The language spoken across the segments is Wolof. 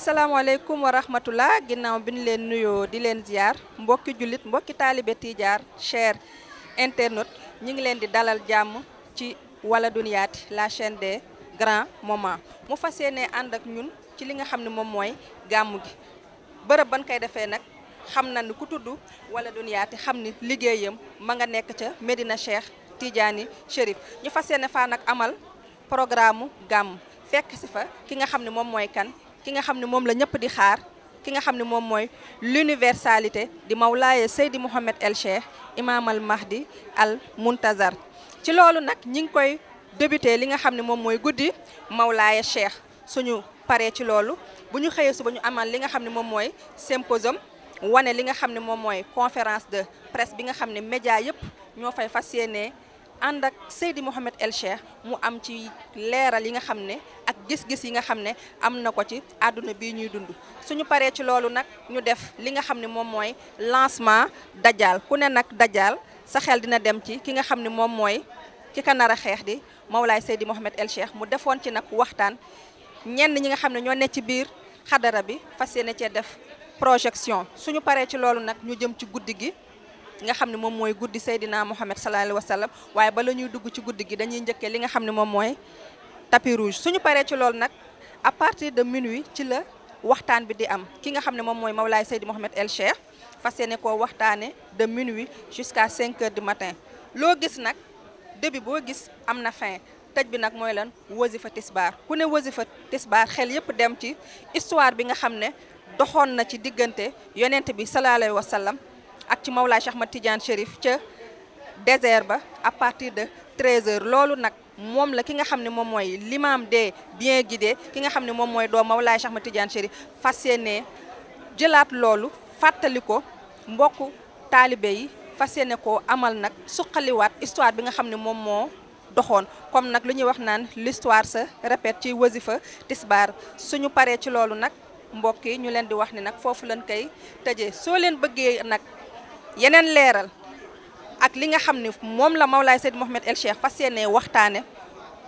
asalaamaaleykum wa rahmatullah ginnaaw bi ñu leen nuyoo di leen ziar mbokki jullit mbokki taalibe tijaar cher internet ñi ngi leen di dalal jàmm ci wala duniyaati la chaîne des grands moments mu fas yéene ànd ak ñun ci li nga xam ne moom mooy gàmm gi bërëb ban koy defee nag xam na ni ku tudd wala duniyaati xam ni liggéeyam ma nga nekk ca Medina Cheikh Tidiane Chérif ñu fas yéene fa nag amal programme gàmm fekk si fa ki nga xam ne moom mooy kan ki nga xam ne moom la ñëpp di xaar ki nga xam ne moom mooy l'universalité di Mawlaaye Seydi Mouhamed El Cheikh Imam al Mahdi al Muntazar ci loolu nag ñi ngi koy débuté li nga xam ne moom mooy guddi Mawlaaye Cheikh suñu paree ci loolu bu ñu xëyee suba ñu amal li nga xam ne moom mooy symposium wane li nga xam ne moom mooy conférence de presque bi nga xam ne média yëpp ñoo fay fas yéenee ànd ak Seydi Mouhamed El Cheikh mu am ci leeral yi nga xam ne ak gis-gis yi nga xam ne am na ko ci àdduna bii ñuy dund suñu paree ci loolu nag ñu def li nga xam ne moom mooy lancement Dajjal ku ne nag Dajjal sa xel dina dem ci ki nga xam ne moom mooy ki ka xeex di Mawlaay Seydi Mouhamed El Cheikh mu defoon ci nag waxtaan ñenn ñi nga xam ne ñoo ne ci biir xadara bi fas yéene cee def projection suñu paree ci loolu nag ñu jëm ci guddi gi nga xam ne moom mooy guddi Seydina Mouhamed sallallahu alayhi wa sallam waaye bala ñuy dugg ci guddi gi dañuy njëkkee li nga xam ne moom mooy tapis rouge suñu paree ci loolu nag à partir de minuit ci la waxtaan bi di am ki nga xam ne moom mooy Mawlaay Seydi Mouhamed El Cheikh fas yéene koo waxtaane de minuit jusqu'à 5 heures du matin loo gis nag début boo gis am na fin tëj bi nag mooy lan fa tisbaar ku ne wasifa tisbaar xel yëpp dem ci histoire bi nga xam ne doxoon na ci diggante yonent bi sallallahu alayhi wa sallam ak ci Mawlaay Cheikh Ahmad Tidiane ca désert ba à partir de 13h loolu nag moom la ki nga xam ne moom mooy l'imam de bien guidés ki nga xam ne moom mooy doo Mawlaay Cheikh Ahmad Tidiane Chérif fas yéene jëlaat loolu fàttali ko mbokk taalibe yi fas yéene ko amal nag suqaliwaat histoire bi nga xam ne moom moo doxoon comme nag lu ñuy wax naan listoire sa répète ci wasifa tisbaar suñu paree ci loolu nag mbokk yi ñu leen di wax ni nag foofu lañ koy tëjee soo leen bëggee nag yeneen leeral ak li nga xam ne moom la Mawlaay Seyd Mohamed El Cheikh fas yéenee waxtaane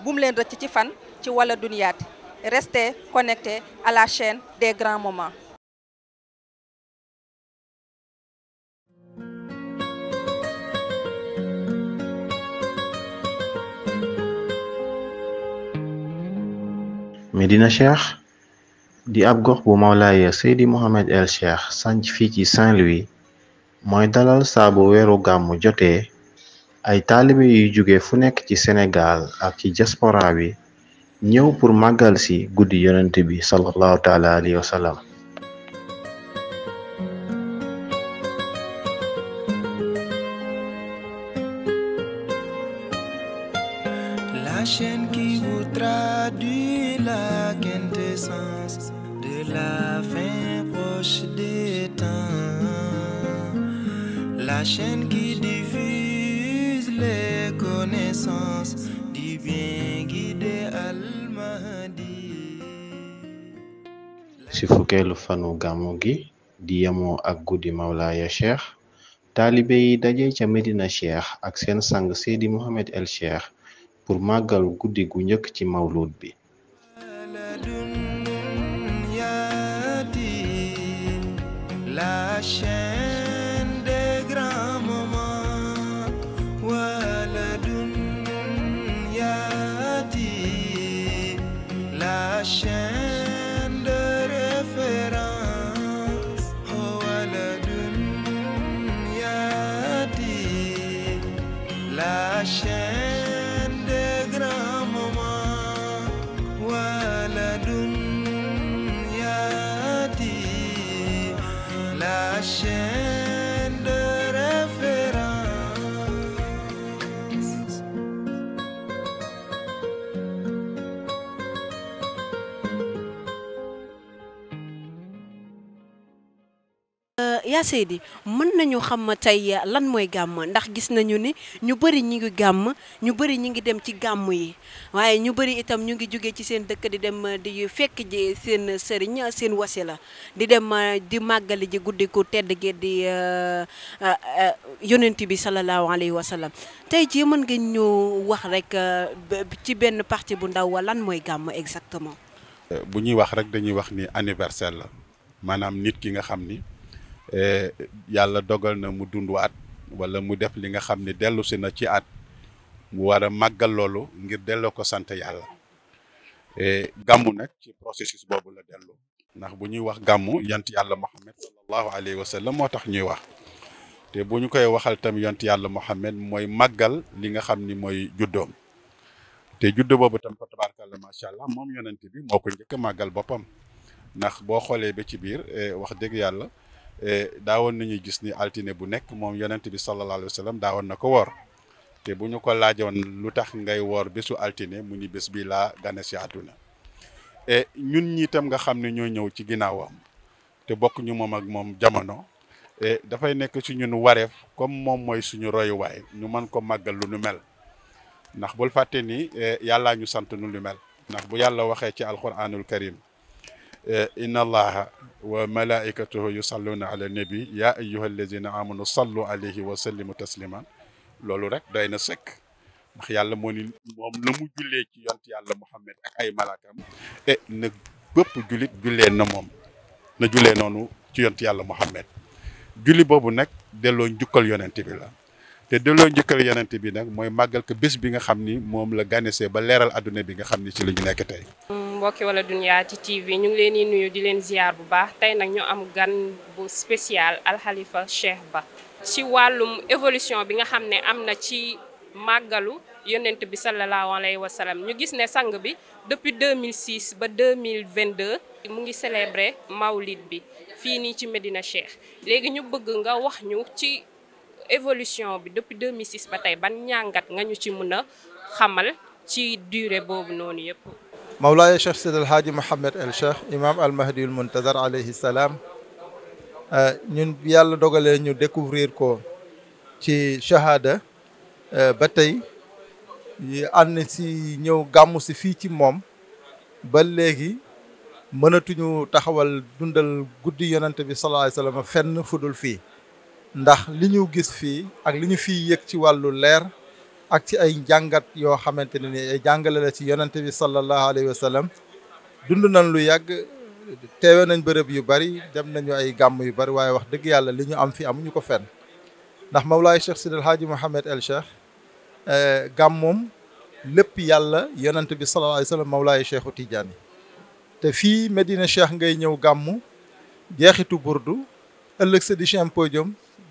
bum leen rëcc ci fan ci wala duniyaati restez connectés à la chaîne des grands moments Cheikh di ab gox bu Cheikh sanc fii ci saint mooy dalal saabu weeru gàmmu jotee ay taalibe yuy jóge fu nekk ci Sénégal ak ci diaspora bi ñëw pour màggal si guddi yonent bi sallallahu taala alayhi wa sallam ci fukkeelu fanu gàmmu gi di yemoo ak guddi mawlaaya cheikh taalibe yi daje ca medina cheikh ak seen sang seydi mohamed el cheikh pour màggal guddi gu njëkk ci mawluud bi yaa di mën nañu xam tey lan mooy gàmm ndax gis nañu ni ñu bëri ñu ngi gàmm ñu bëri ñu ngi dem ci gàmm yi waaye ñu bëri itam ñu ngi jóge ci seen dëkk di dem di fekk ji seen sëriñ seen wasila di dem di màggali ji guddi ko tedd gi di euh, euh, yonent bi sallallahu alayhi wa tey jii mën nga ñu wax rek euh, ci benn parti bu ndaw lan mooy gàmm exactement. bu ñuy wax rek dañuy wax ni anniversaire la maanaam nit ki nga xam ni. Eh, yàlla dogal na mu dund at wala mu def li nga xam ne dellusi na ci at mu war a màggal loolu ngir delloo ko sant yàlla eh, gàmmu nag ci processus boobu la dellu ndax bu ñuy wax gàmmu yant yàlla Muhammad sallallahu alayhi wa moo tax ñuy wax te bu ñu koy waxal tam yant yàlla Muhammad mooy màggal li nga xam ni mooy juddoom te juddo boobu tam fa tabaarkalla macha allah moom yonent bi moo ko njëkk a màggal boppam ndax boo xoolee ba ci biir eh, wax dëgg yàlla. Eh, daawoon nañu gis ni altine bu nekk moom yonent bi sallallahu alayhi wa sallam daawoon na ko woor te bu ñu ko laajoon lu tax ngay woor bésu altine mu ni bés bi laa gane si àdduna eh, ñun ñiitam nga xam ne ñoo ñëw ci ginnaawam te bokk ñu moom ak moom jamono eh, dafay nekk ci ñun wareef comme moom mooy suñu royuwaay ñu mën ko màggal lu nu mel ndax bul fàtte ni yàllaa ñu sant nu lu mel ndax bu yàlla waxee ci alquranul karim Eh, inna allaha wa malaikatahu yusalluna ala nabi ya ayyuha allazina amanu sallu alayhi wa sallimu taslima loolu rek doy na sëkk ndax yàlla moo ni moom na mu jullee ci yont yàlla muhammad ak ay malaakam e na bëpp jullit jullee na moom na jullee noonu ci yont yàlla muhammad julli boobu nag delloo njukkal yonent bi la te delloo njëkkal yonent bi nag mooy màggal ko bés bi nga xam ni moom la ganisee ba leeral adduna bi nga xam ni ci la ñu nekk tey. Mm, mbokki wala dunya ci TV ñu ngi leen di nuyu di leen ziar bu baax tey nag ñu am gan bu spécial alxalifa Cheikh Ba. ci wàllum évolution bi nga xam ne am na ci màggalu yonent bi sallallahu alayhi wa sallam ñu gis ne sang bi depuis 2006 ba 2022 mu ngi célébrer mawlid bi fii nii ci Medina Cheikh léegi ñu bëgg nga wax ñu ci. évolution bi depuis 2006 ba tey ban ñàngat nga ñu ci mën a xamal ci durée boobu noonu yëpp. Mawlaaya Cheikh Seydi El Hadji Mouhamed El Cheikh Imam Al Mahdi Al Muntazar alayhi salaam euh, ñun yàlla dogalee ñu découvrir ko ci shahada euh, ba tey ànd si ñëw gàmmu si fii ci moom ba léegi mënatuñu taxawal dundal guddi yonante bi sallallahu alayhi wa sallam fenn fudul fii. ndax li ñu gis fii ak li ñu fiy yëg ci wàllu leer ak ci ay njàngat yoo xamante ne ni ay jàngale la ci yonente bi sallallahu alayhi wa dund nañ lu yàgg teewe nañ bërëb yu bari dem nañu ay gàmm yu bari waaye wax dëgg yàlla li ñu am fi amuñu ko fenn ndax Mawlaay Cheikh Sidi El Hadji Mouhamed El Cheikh eh, gàmmoom lépp yàlla yonente bi sallallahu alayhi wa sallam Mawlaay Cheikhu te fii Medina Cheikh ngay ñëw gàmmu jeexitu burdu ëllëg sa di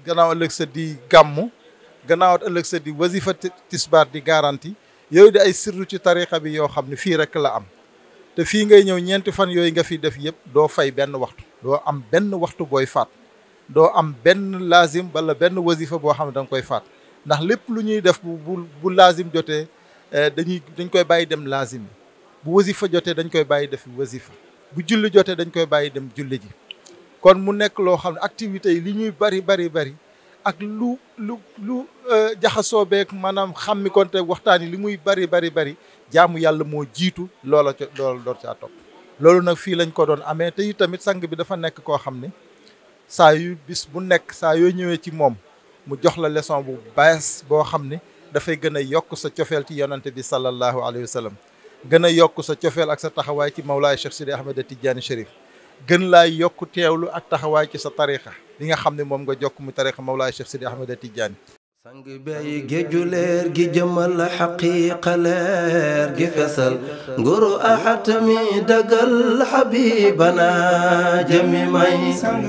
gannaaw ëllëg sa di gàmmu gannaaw ëllëg sa di wasifa tisbaar di garanti yooyu di ay sirru ci tarixa bi yoo xam ne fii rek la am te fii ngay ñëw ñeenti fan yooyu nga fi def yëpp doo fay benn waxtu doo am benn waxtu booy faat doo am benn laazim bala benn wasifa boo xam ne da koy faat ndax lépp lu ñuy def bu bu bu laazim jotee eh, dañuy dañ koy bàyyi dem laazim bu wasifa jotee dañ koy bàyyi def wasifa bu julli jotee dañ koy bàyyi dem julli ji kon mu nekk loo xam ne activités yi li ñuy bari bari bari ak lu lu lu euh, jaxasoo beeg maanaam xàmmi konte waxtaan yi li muy bari bari bari jaamu yàlla moo jiitu loola ca loola door caa topp. loolu nag fii lañ ko doon amee te tamit sang bi dafa nekk koo xam ne saa yu bis bu nekk saa yoo ñëwee ci moom mu jox la leçon bu bees boo xam ne dafay gën a yokk sa cofeel ci yonante bi sallallahu alayhi wa sallam gën a yokk sa cofeel ak sa taxawaay ci Mawlaay Cheikh Sidi Ahmed Tidiane Chérif. gën laa yokk teewlu ak taxawaay ci sa tarixa li nga xam ne moom nga jokk mu tarixa Mawlaay Cheikh Sidi Ahmed Tidiane sang bey géeju leer gi jëmal xaqiiqa leer gi fesal nguru axat mi dagal xabibana jëmi may sang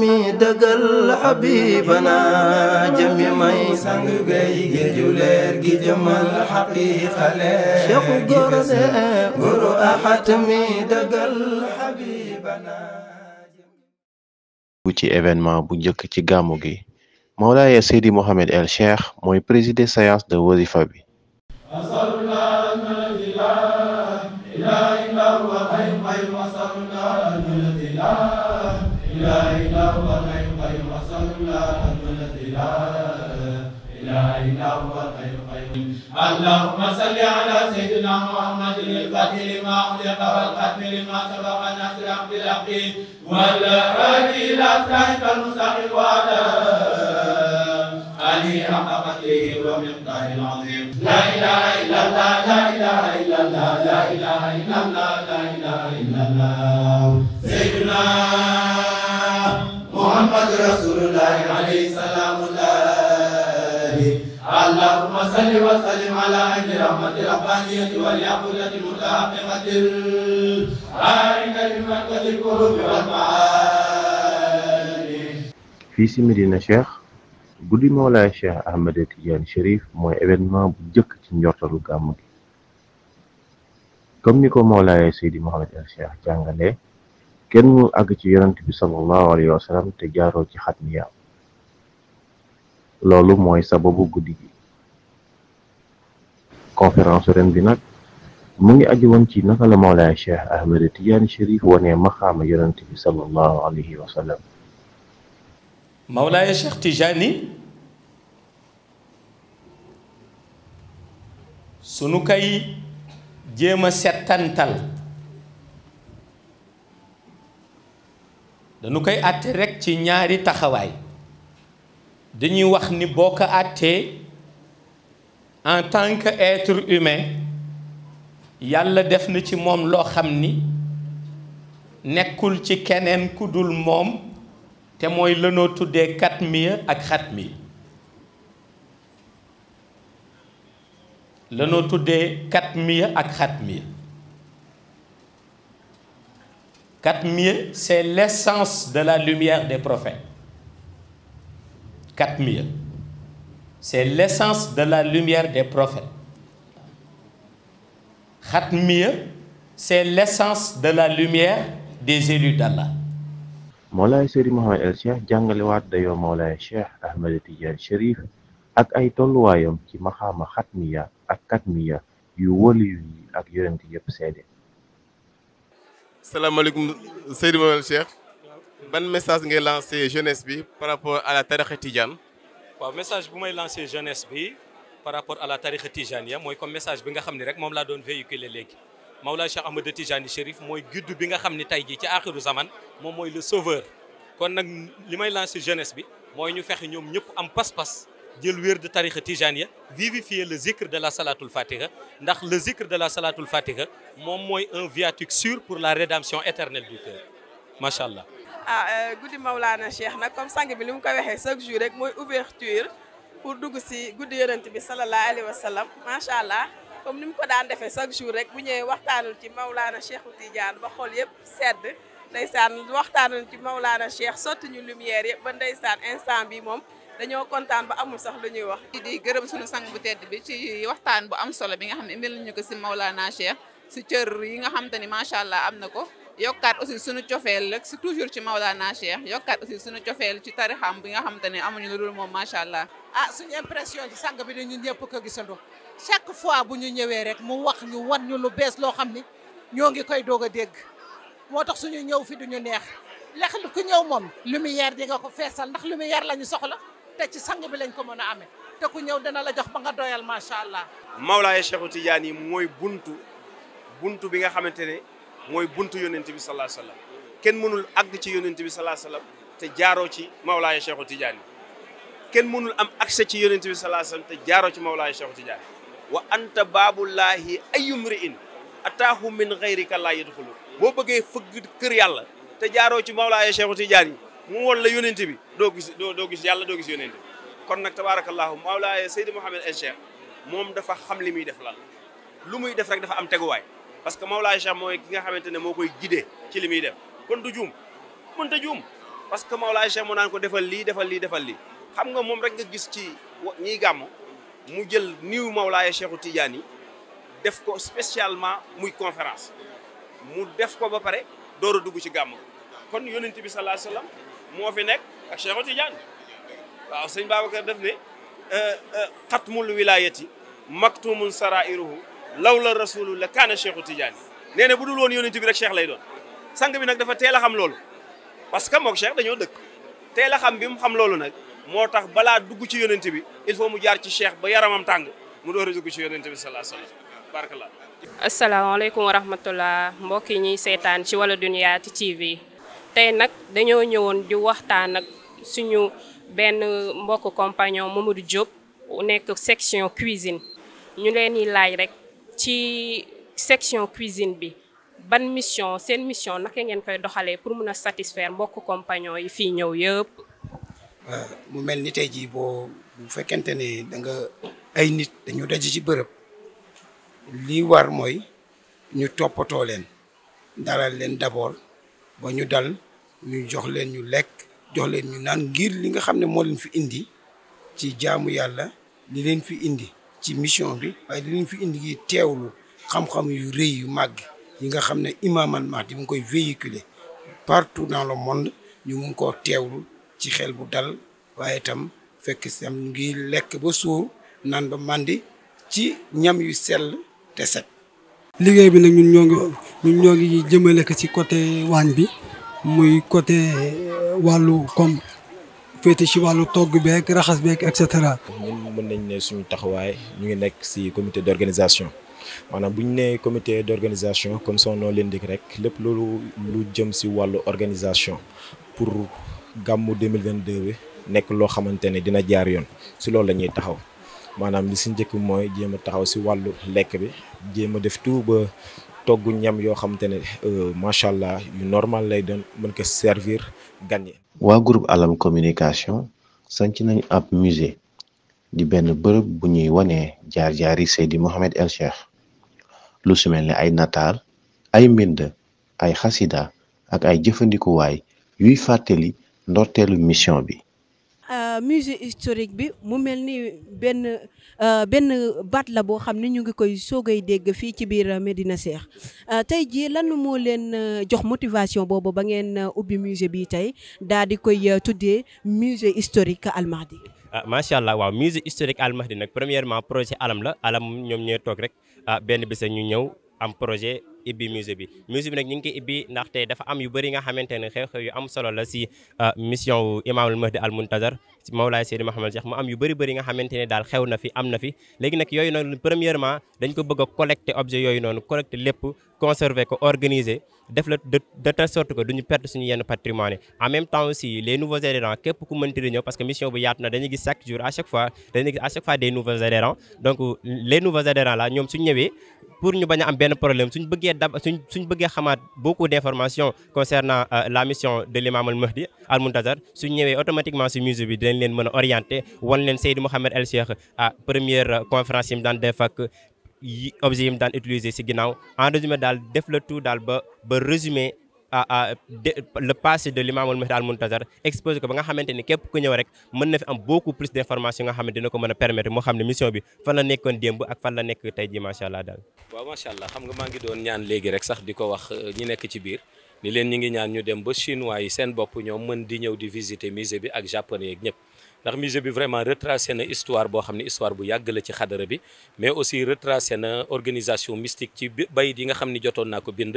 mi dagal xabibana cheikhu jëmmi may sang gay ngir ju leer gi xaqiqa leer Cheikh Gora de guru axat mi dëggal xabibana ci événement bu njëkk ci gàmmu gi Mawlaaya Seydi Mohamed El Cheikh moy présider séance de wazifa bi اللهم صل على سيدنا محمد الفتح لما أغلق والختم لما سبق ناصر بالحق ولا هادي إلى صراطك المستقيم وعلى آله حق قدره ومقداره العظيم لا إله إلا الله لا إله إلا الله لا إله إلا الله لا إله إلا الله سيدنا محمد رسول الله عليه السلام fi صل وسلم على أهل si Medina Cheikh guddi Mawlaay Cheikh Ahmed Tidiane Chérif mooy événement bu jëkk ci njortalu gàmm gi comme ni ko Mawlaay Seydi Mouhamed El Cheikh jàngalee kenn mu àgg ci yonent bi sallallahu alayhi wa te jaaroo ci xatmiya loolu mooy sababu guddi gi conférence ren bi nag mu ngi aju woon ci naka la Mawlaay Cheikh Ahmed Tidiane Chérif wane maxaama yonent bi sallallahu alayhi wa sallam Mawlaay Cheikh Tidiane sunu kay jéem a settantal dañu koy àtte rekk ci ñaari taxawaay dañuy wax ni boo ko àttee en tant que être humain yàlla def na ci moom loo xam ni nekkul ci keneen ku dul moom te mooy lanoo tuddee katmiya ak xatmiya lanoo tuddee katmiya c'est l'essence de la lumière des prophètes katmiya c'est l'essence de la lumière des prophètes xatmiya c'est l'essence de la lumière des élus d'Allah Moolaay Sëriñ Mohamed El Cheikh jàngalewaat dayoo Moolaay Cheikh Ahmed Tidiane Chérif ak ay tolluwaayam ci maxaama xatmiya ak katmiya yu waliyu yi ak yonent yëpp seede salaamaaleykum Sëriñ ban message ngay lancé jeunesse bi par rapport à la tariqa waaw message bu may lancé jeunesse bi par rapport à la tarixa tijaniya mooy comme message bi nga xam ne rek moom laa doon véhiculer léegi Mawlaa Cheikh Ahmad Tijani Chérif mooy guide bi nga xam ni tey jii ci axiru zaman moom mooy le sauveur kon nag li may lancé jeunesse bi mooy ñu fexe ñoom ñëpp am pas-pas jël wér de tarixa tijaniya vivifier le zikr de la salatul fatiha ndax le zikr de la salaatul fatiha moom mooy un viatique pour la rédemption éternelle du cœur macha ah euh, guddi Mawlana Cheikh na comme sang bi li mu ko waxee chaque jour rek mooy ouverture pour dugg si guddi yonent bi sallallahu alayhi wa sallam macha allah comme ni mu ko daan defee chaque jour rek bu ñëwee waxtaanul ci Mawlana Cheikhu Tidiane ba xol yëpp sedd ndeysaan waxtaanul ci Mawlana Cheikh sotti ñu lumière yëpp ba ndeysaan instant bi moom dañoo kontaan ba amul sax lu ñuy wax. di gërëm suñu sang bu tedd bi ci waxtaan bu am solo bi nga xam ne indil nañu ko si Mawlana Cheikh si cër yi nga xam te ni macha allah am na ko. yokkaat aussi suñu cofeel rek si toujours ci Maolana Cheikh yokkaat aussi sunu cofeel ci tarixam bi nga xamante ne amuñu lu moom macha allah. ah suñu impression ci sàng bi ñu ñëpp ko gisandoo chaque fois bu ñu ñëwee rek mu wax ñu wan ñu lu bees loo xam ni ñoo ngi koy doog a dégg moo tax suñu ñëw fi duñu neex lex ku ñëw moom lumière di nga ko feesal ndax lumière la ñu soxla te ci sang bi lañ ko mën a amee te ku ñëw dana la jox ba nga doyal macha allah. Mawlaaye Cheikh Tidiane yi mooy buntu buntu bi nga xamante ne. mooy buntu yonent bi sallallahu kenn mënul àgg ci yonent bi sallallahu alayhi te jaaroo ci Mawlaaya Cheikhu Tidiane kenn mënul am accès ci yonent bi sallallahu alayhi wasallam te jaaroo ci Mawlaaya Cheikhu Tidiane wa anta baabullaahi ayyum ri'in ataahu min ghayrika laa yadxulu boo bëggee fëgg kër yàlla te jaaroo ci Mawlaaya Cheikhu Tidiane mu woon la bi doo gis doo doo gis yàlla doo gis yonent kon nag tabaarakallaahu Mawlaaya Seydi Mouhamed El Cheikh moom dafa xam li muy def lan lu muy def rek dafa am teguwaay parce que Mawlaay Cheikh mooy ki nga xamante ne moo koy guidé ci li muy def kon du juum mënta juum parce que Mawlaay Cheikh moo naan ko defal lii defal lii defal lii xam nga moom rek nga gis ci ñiy gàmm mu jël niw Mawlaay Cheikhu Tidiane yi def ko spécialement muy conférence mu def ko ba pare door a dugg ci gàmm kon yonent bi sallallahu alayhi wasallam moo fi nekk ak Cheikhu Tidiane waaw sëñ Babacar def ne euh, euh, xatmul wilayati maktumun sarairuhu law la rasulu la kaana cheikhu tidiane nee na bu dul woon yonent bi rek cheikh lay doon sang bi nag dafa teel a xam loolu parce que mook cheikh dañoo dëkk teel a xam bi mu xam loolu nag moo tax balaa dugg ci yonent bi il faut mu jaar ci cheikh ba yaramam tàng mu door a dugg ci yonent bi sallallahu alayhi wasallam barkallah asalaamaaleykum wa rahmatullah mbokk yi ñuy seetaan ci Waladounyati TV tey nag dañoo ñëwoon di waxtaan nag suñu benn mbokk compagnon Mamadou Diop nekk section cuisine ñu leen di laaj rek ci section cuisine bi ban mission seen mission naka ngeen koy doxalee pour mun a satisfaire mbokk compagnon yi fii ñëw yëpp. Euh, mu mel ni tey jii boo bu fekkente ne danga ay nit dañu daj ci bërëb lii war mooy ñu toppatoo leen dalal leen d'abord ba ñu dal ñu jox leen ñu lekk jox leen ñu naan ngir li nga xam ne moo leen fi indi ci jaamu yàlla li leen fi indi ci mission bi waaye dinañ fi indi gi teewlu xam-xam yu rëy yu màgg yi nga xam ne Imam Al Mahdi mu koy véhiculer partout dans le monde ñu mun koo teewlu ci xel bu dal waaye itam fekk sam ngi lekk ba suur naan ba màndi ci ñam yu sell te set. liggéey bi nag ñun ñoo ngi ñun ñoo ko ci côté waañ bi muy côté euh, wàllu comme féete ci wàllu togg beeg raxas beeg et cetera. ñun mën nañ ne suñu taxawaay ñu ngi nekk si comité d' organisation maanaam bu ñu nee comité d' organisation comme son nom l'indique rek lépp loolu lu jëm si wàllu organisation pour gàmmu 2022 bi nekk loo xamante ne dina jaar yoon si loolu la ñuy taxaw maanaam li si njëkk mooy jéem a taxaw si wàllu lekk bi jéem def tout togg ñam yoo xamante ne euh, macha allah yu normal lay doon mën ko servir gan waa groupe Alam communication sanc nañu ab musée di benn bërëb bu ñuy wane jaar jaari Seydi Mouhamed El Cheikh lu su mel ne ay nataal ay mbind ay xasida ak ay jëfandikuwaay yuy fàttali ndorteelu mission bi. Euh, musée historique bi mu mel ni benn euh, benn baat la boo xam ne ñu ngi koy soogay dégg fii ci biir Médina Cheikh euh, tey jii lan moo leen jox motivation boobu ba ngeen ubbi musée bi tey daal di koy tuddee musée historique Al Mahdi. ah macha allah waaw musée historique Al Mahdi nag premièrement projet alam la alam ñoom ñooy toog rek ah benn bés ñu ñëw am projet. ibbi musée bi musée bi nag ñu ngi koy ibbi ndaxte dafa am yu bëri nga xamante ne xew-xew yu am solo la si euh, mission wu imaamul mahdi al muntazar Mawlaay Seydi Mahamad Cheikh mu am yu bëri bëri nga xamante ne daal xew na fi am na fi léegi nag yooyu noonu premièrement dañ ko bëgg a collecter objet yooyu noonu collecter lépp conserver ko organiser def la de de telle sorte que duñu perte suñu yenn patrimoine yi en même temps aussi les nouveaux adhérents képp ku mënti di ñëw parce que mission bu yaatu na dañuy gis chaque jour à chaque fois dañuy gis à chaque fois des nouveaux adhérents donc les nouveaux adhérents là ñoom suñu ñëwee pour ñu bañ a am benn problème suñ bëggee dab suñ bëggee xamaat beaucoup d'informations concernant euh, la mission de l'imam al Mahdi al Muntazar suñ ñëwee automatiquement si leen mën a orienter wan leen Seydou Mouhamed El Cheikh yi objet yi mu daan utiliser si ginnaaw en résumé daal def le tout daal ba ba résumé à le passé de l'imamul Mahdi al Muntazar exposé ko ba nga xamante ni képp ku ñëw rek mën na fi am beaucoup plus d' nga xam ne dina ko mën a permettre moo xam ne mission bi fan la nekkoon démb ak fan la nekk tey jii macha allah daal. waaw macha allah xam nga maa ngi doon ñaan léegi rek sax di ko wax euh, ñi nekk ci biir ni leen ñi ngi ñaan ñu dem ba chinois seen bopp ñoom mën di ñëw di visiter musée bi ak japonais yeeg ñëpp. ndax musée bi vraiment retracé na histoire boo xam ne histoire bu yàgg la ci xadara bi mais aussi retracé na organisation mystique ci bayit yi nga xam ni jotoon naa ko bind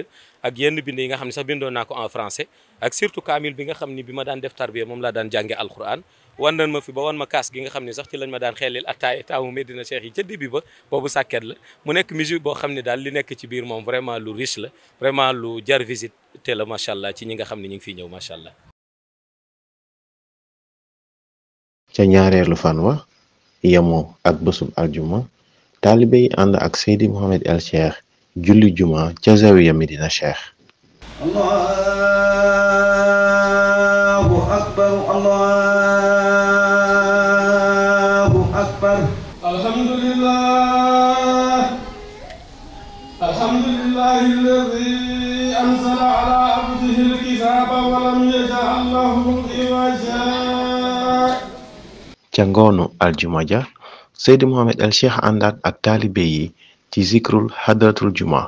ak yenn bind yi nga xam ne sax bindoon naa ko en français ak surtout kaamil bi nga xam ni bi ma daan def tarbiya moom laa daan jànge alquran wan nañ ma fi ba wan ma kaas gi nga xam ne sax ci lañ ma daan xeelil attaay taamu Medina Cheikh yi ca début ba boobu sàkket la mu nekk musée boo xam ne daal li nekk ci biir moom vraiment lu riche la vraiment lu jar visite te la macha allah ñi nga xam ne ñu ngi fiy ñëw macha allah ca ñaareelu fan wa yemoo ak bësub aljuma taalibe yi ànd ak Seydi Mouhamed El Cheikh julli juma ca zawiya Medina Cheikh allahu akbar allahu akbar alhamdulillah ca ngoonu aljuma ja seydi mohamed el cheikh àndaat ak taalibe yi ci zikrul hadratul juma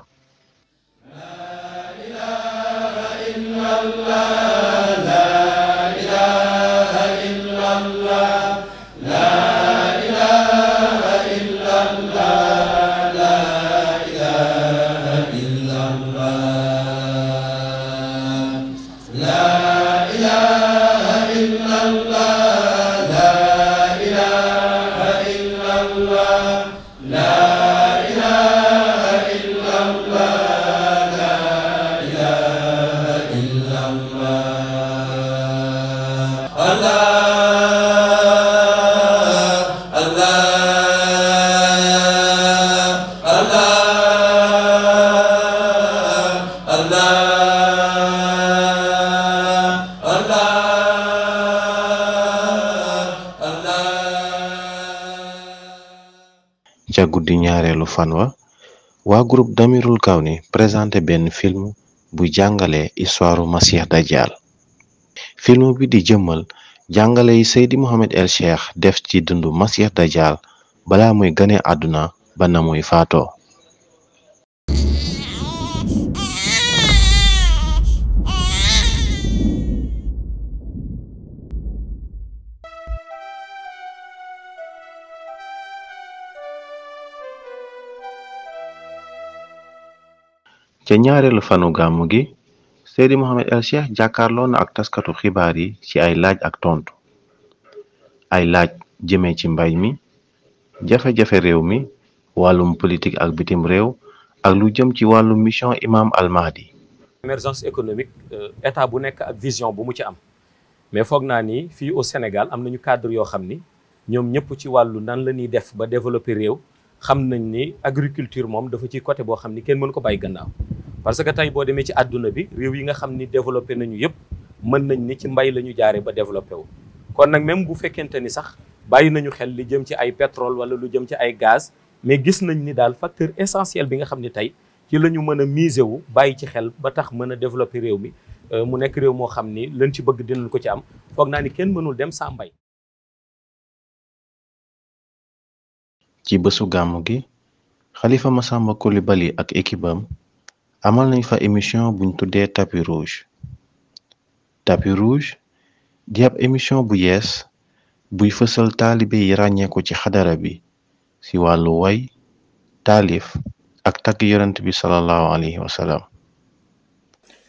ca guddi ñaareelu fan wa waa groupe Damirul Kawni présenté benn film bu jàngale histoire Masih Dajjal film bi di jëmmal jàngale yi Seydi Mouhamed El Cheikh def ci dundu da Dajjal balaa muy gane àdduna ba na muy faatoo ca ñaareelu fanu gàmmu gi Seydi Mouhamed El Cheikh jàkkaarloo na ak taskatu xibaar yi ci ay laaj ak tontu ay laaj jëmee ci mbay mi jafe-jafe réew mi wàllum politique ak bitim réew ak lu jëm ci wàllum mission imam al mahdi émergence économique euh, état bu nekk ak vision bu mu ci am mais foog naa ni fii au Sénégal am nañu cadre yoo xam ni ñoom ñëpp ci wàllu nan la ñuy def ba développer réew xam nañ ni agriculture moom dafa ci côté boo xam ni kenn mënu ko bàyyi gannaaw parce que tey boo demee ci àdduna bi réew yi nga xam ni développé nañu yëpp mën nañ ni ci mbay la ñu jaaree ba développé wu kon nag même bu fekkente ni sax bàyyi nañu xel li jëm ci ay pétrole wala lu jëm ci ay gaz mais gis nañ ni daal facteur essentiel bi nga xam ni tey ci la ñu mën a miser wu bàyyi ci xel ba tax mën a développé réew mi euh, mu nekk réew moo xam ni lañ ci bëgg dinañ ko ci am foog naa ni kenn mënul dem saa mbay. ci bésu gàmmu gi Khalifa Massamba Coulibaly ak équipe amal nañ fa émission buñ tuddee tapis rouge tapis rouge di ab émission bu yees buy fësal taalibe yi ràññeeku ci xadara bi ci wàllu way taalif ak tagg yonent bi sallallahu alayhi wa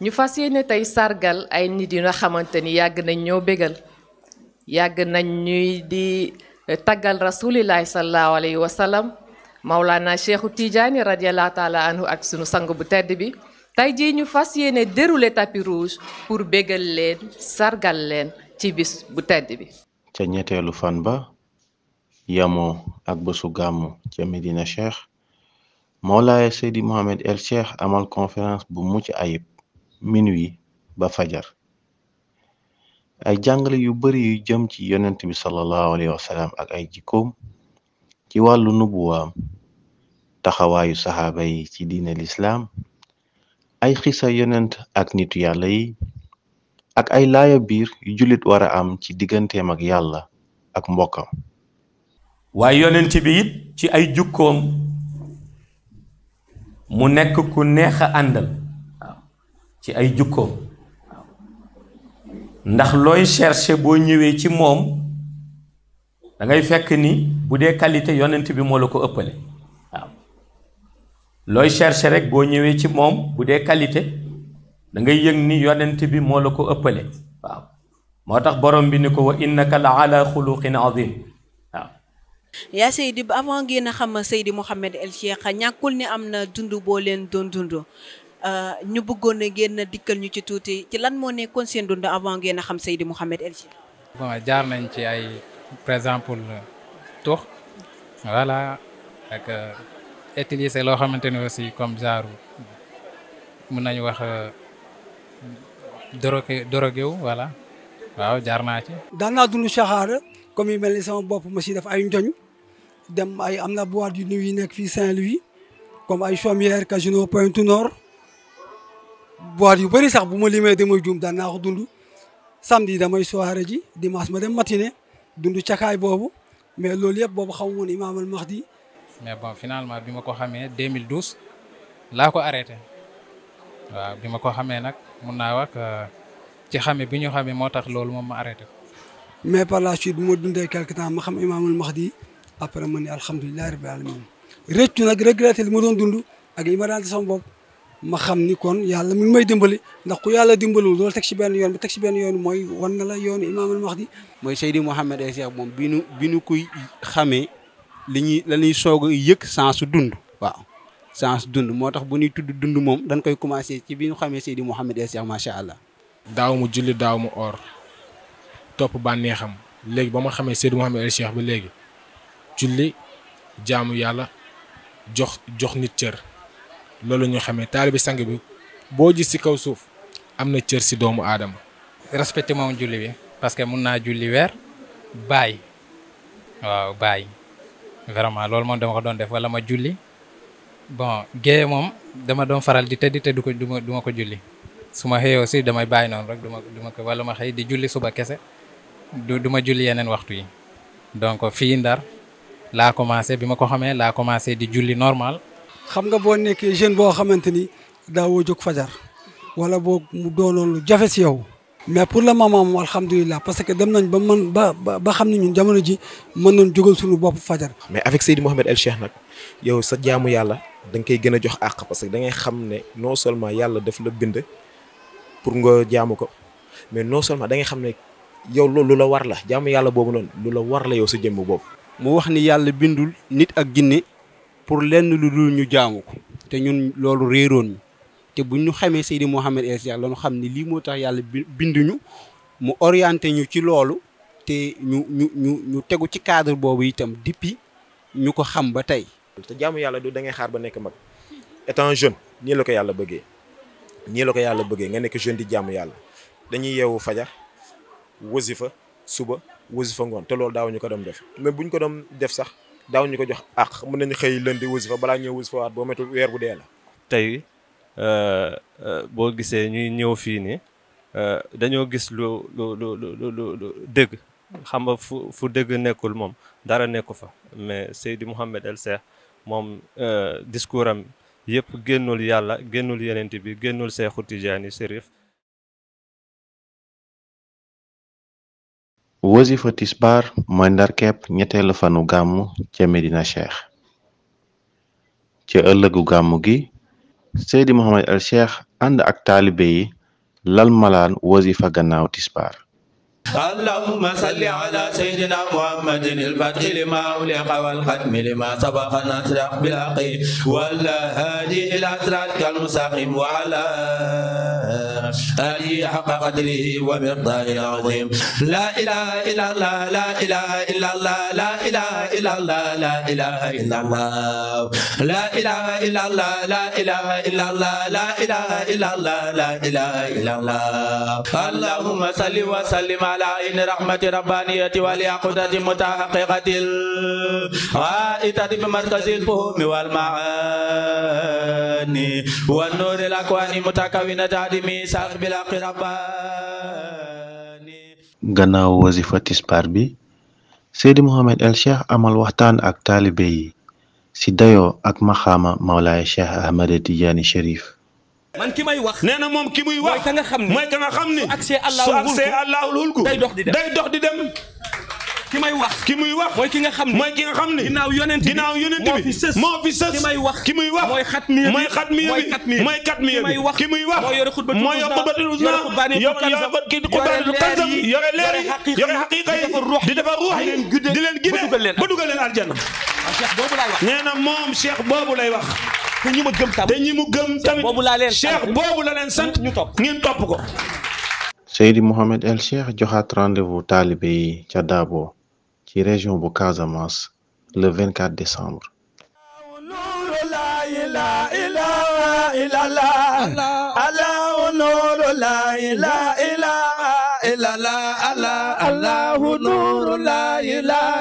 ñu fas yéene tey sargal ay nit yu nga xamante ni yàgg nañ ñoo bégal yàgg nañ ñuy di taggal rasulillahi sallallahu alayhi wasalaam Mawlana Cheikhu Tidiane radiallahu taala anhu ak sunu sang bu tedd bi tey jii ñu fas yéene déroulé tapis rouge pour bégal leen sargal leen ci bis bu tedd bi. ca ñetteelu fan ba yamoo ak bésu gàmmu ca Medina Cheikh Mawlaaye Seydi Mohamed El Cheikh amal conférence bu mucc ayib minuit ba fajar ay jàngale yu bari yu jëm ci yonent bi sallallahu alayhi wa ak ay jikkoom. ci wàllu nubuwaam taxawaayu saxaaba yi ci diine lislaam ay xisa yonent ak nitu yàlla yi ak ay laaya biir yu jullit wara am ci digganteem ak yàlla ak mbokkam waaye yonent bi it ci ay jukkoom mu nekk ku neex a àndal ci ay jukkoom ndax looy cherché boo ñëwee ci moom da ngay fekk ni bu dee qualité yonent bi moo la ko ëppale waaw looy chercher rek boo ñëwee ci moom bu dee qualité dangay ngay yëg ni yonent bi moo la ko ëppale waaw moo tax borom bi ni ko wa innaka la ala xuluqin azim yaa Seydi bi avant ngeen a xam Seydi Mouhamed El Cheikh ñàkkul ni am na dund boo leen doon dund euh, ñu bëggoon a ngeen dikkal ñu ci tuuti ci lan moo nekkoon seen dund avant ngeen a xam Seydi Mouhamed El Cheikh. bon jaar nañ ci ay. par exemple tux voilà ak euh, utiliser loo xamante ni aussi comme genre mun nañ wax euh, drogué drogué wu voilà waaw jaar naa ci. daan naa dund saxaara comme yu mel ni sama bopp ma si def ay njoñ dem ay am na boîte yu nuyu yi nekk fii Saint-Louis comme ay Chaumière Casino Pointe Nord boîte yu bari sax bu ma limee damay juum daan naa ko dund samedi damay soirée ji dimanche ma dem matinée. dund cakaay boobu mais loolu yëpp boobu xamu woon Imaam al Mahdi. mais bon finalement bi ma ko xamee 2012 laa ko arrêté waaw bi ma ko xamee nag mun naa wax euh, ci xame bi ñu xamee moo tax loolu moom ma arrêté mais par la suite bu ma dundee quelque temps ma xam Imaam al Mahdi après ma ne alhamdulilah rabbil alamin rëccu nag regretté li ma doon dund ak li ma daan sama bopp. ma xam ni kon yàlla mi may dimbali ndax ku yàlla dimbalul loolu teg si benn yoon bi teg ci benn yoon mooy wan na la yoonu imaamal Mahdi mooy Seydi Mouhamed ay moom bi nu bi nu koy xamee li ñuy la ñuy soog a yëg sensu dund waaw sensu dund moo tax bu ñuy tudd dund moom dañ koy commencé ci bi ñu xamee Seydi Mouhamed ay Cheikh macha allah. daaw ma julli daaw mu or topp bànneexam léegi ba ma xamee Seydi Mouhamed ay Cheikh ba léegi julli jaamu yàlla jox jox nit cër. loolu ñu xamee taalibi sang bi boo gis ci kaw suuf am na cër ci doomu aadama. respecté moom julli bi parce que mun naa julli weer bàyyi waaw bàyyi vraiment loolu moom dama ko doon def walla ma julli bon géeye moom dama doon faral di tëdd te du ko du du ma ko julli su xëyee aussi damay bàyyi noonu rek du du ma ko walla ma xëy di julli suba kese du du ma julli yeneen waxtu yi donc fii Ndar laa commencé bi ma ko xamee laa commencé di julli normal. xam nga boo nekkee jeune boo xamante ni daawoo jóg fajar wala boo mu doonoon lu jafe si yow. mais pour le moment moom alhamdulilah parce que dem nañ ba man ba ba xam ne ñun jamono ji mën nañ jógal suñu bopp fajar. mais avec Seydi Mouhamed El Cheikh nag yow sa jaamu yàlla da koy gën a jox àq parce que da ngay xam ne non seulement yàlla daf la bind pour nga jaamu ko mais noo seulement dangay xam ne yow loolu lu la war la jaamu yàlla boobu noonu lu la war la yow sa jëmm boobu. mu wax ni yàlla bindul nit ak jinne pour lenn lu dul ñu jaamu ko te ñun loolu réeroon ñu te bu ñu xamee Seydi Mouhamed El Cheikh la ñu xam ne lii moo tax yàlla binduñu mu orienté ñu ci loolu te ñu ñu ñu ñu tegu ci cadre boobu itam depuis ñu ko xam ba tey. te jaamu yàlla du da ngay xaar ba nekk mag étant jeune nii la ko yàlla bëggee nii la ko yàlla bëggee nga nekk jeune di jaamu yàlla dañuy yeewu fajar wasifa suba wasifa ngoon te loolu daawuñu ko doon def mais buñ ko doon def sax. daaw ñu ko jox àq mën nañu xëy lëndi wasifa balaa ñëw wasifa waat boo metul weer bu dee la tey euh, euh, boo gisee ñuy ñëw fii ni euh, dañoo gis lu lu lu lu dëgg xam nga fu fu dëgg nekkul moom dara nekku fa mais Seydi Mouhamed El Cheikh moom discours am yëpp génnul yàlla génnul yeneent bi génnul Seexu Tijaani Chérif wasifa tisbaar mooy ndarkepp ñetteelu fanu gàmmu ca Medina Cheikh ca ëllëgu gàmmu gi Seydi Mouhamed El Cheikh ànd ak taalibe yi lal malaan wasifa gannaaw tisbaar اللهم صل على سيدنا محمد الفتح لما أغلق والختم لما سبق نصرح بالحق والهادي إلى صراطك المستقيم وعلى آله حق قدره ومقداره العظيم لا إله إلا الله لا إله إلا الله لا إله إلا الله لا إله إلا الله لا إله إلا الله لا إله إلا الله لا إله إلا الله لا إله إلا الله اللهم صل وسلم على عين رحمة ربانية والياقوتة متحققة الغائطة بمركز الفهم والمعاني والنور الأكوان متكونة عدمي ساق بالحق رباني gannaaw wasifa tisbaar bi Seydi Mouhamed El Cheikh amal waxtaan ak taalibe yi ci dayoo ak maxaama Mawlaay Cheikh Ahmed Tidiane Chérif man ki may wax. nee na moom ki muy wax mooy ka nga xam ni mooy ka nga xam ni. su accès allahul hulku day dox di dem day dox di dem. ki may wax ki muy wax mooy ki nga xam ne mooy ki nga xam ne ginnaaw yonent bi ginnaaw yonent bi moo fi sës ki may wax ki muy wax mooy xat mi mooy xat mi bi mooy kat mi bi ki muy wax moo yore xutbatul uzna yor xutbatul kasam yore leer yi yore xaqiqa yi di defar ruux yi di leen gide ba dugal leen aljanna ah, nee na moom cheikh boobu lay wax te ñi ma tamit boobu boobu la leen sant ñu topp ngeen topp El Cheikh joxaat rendez-vous taalibe yi ci région bu Casamance le 24 décembre. la ilaha illallah allahu nuru la ilaha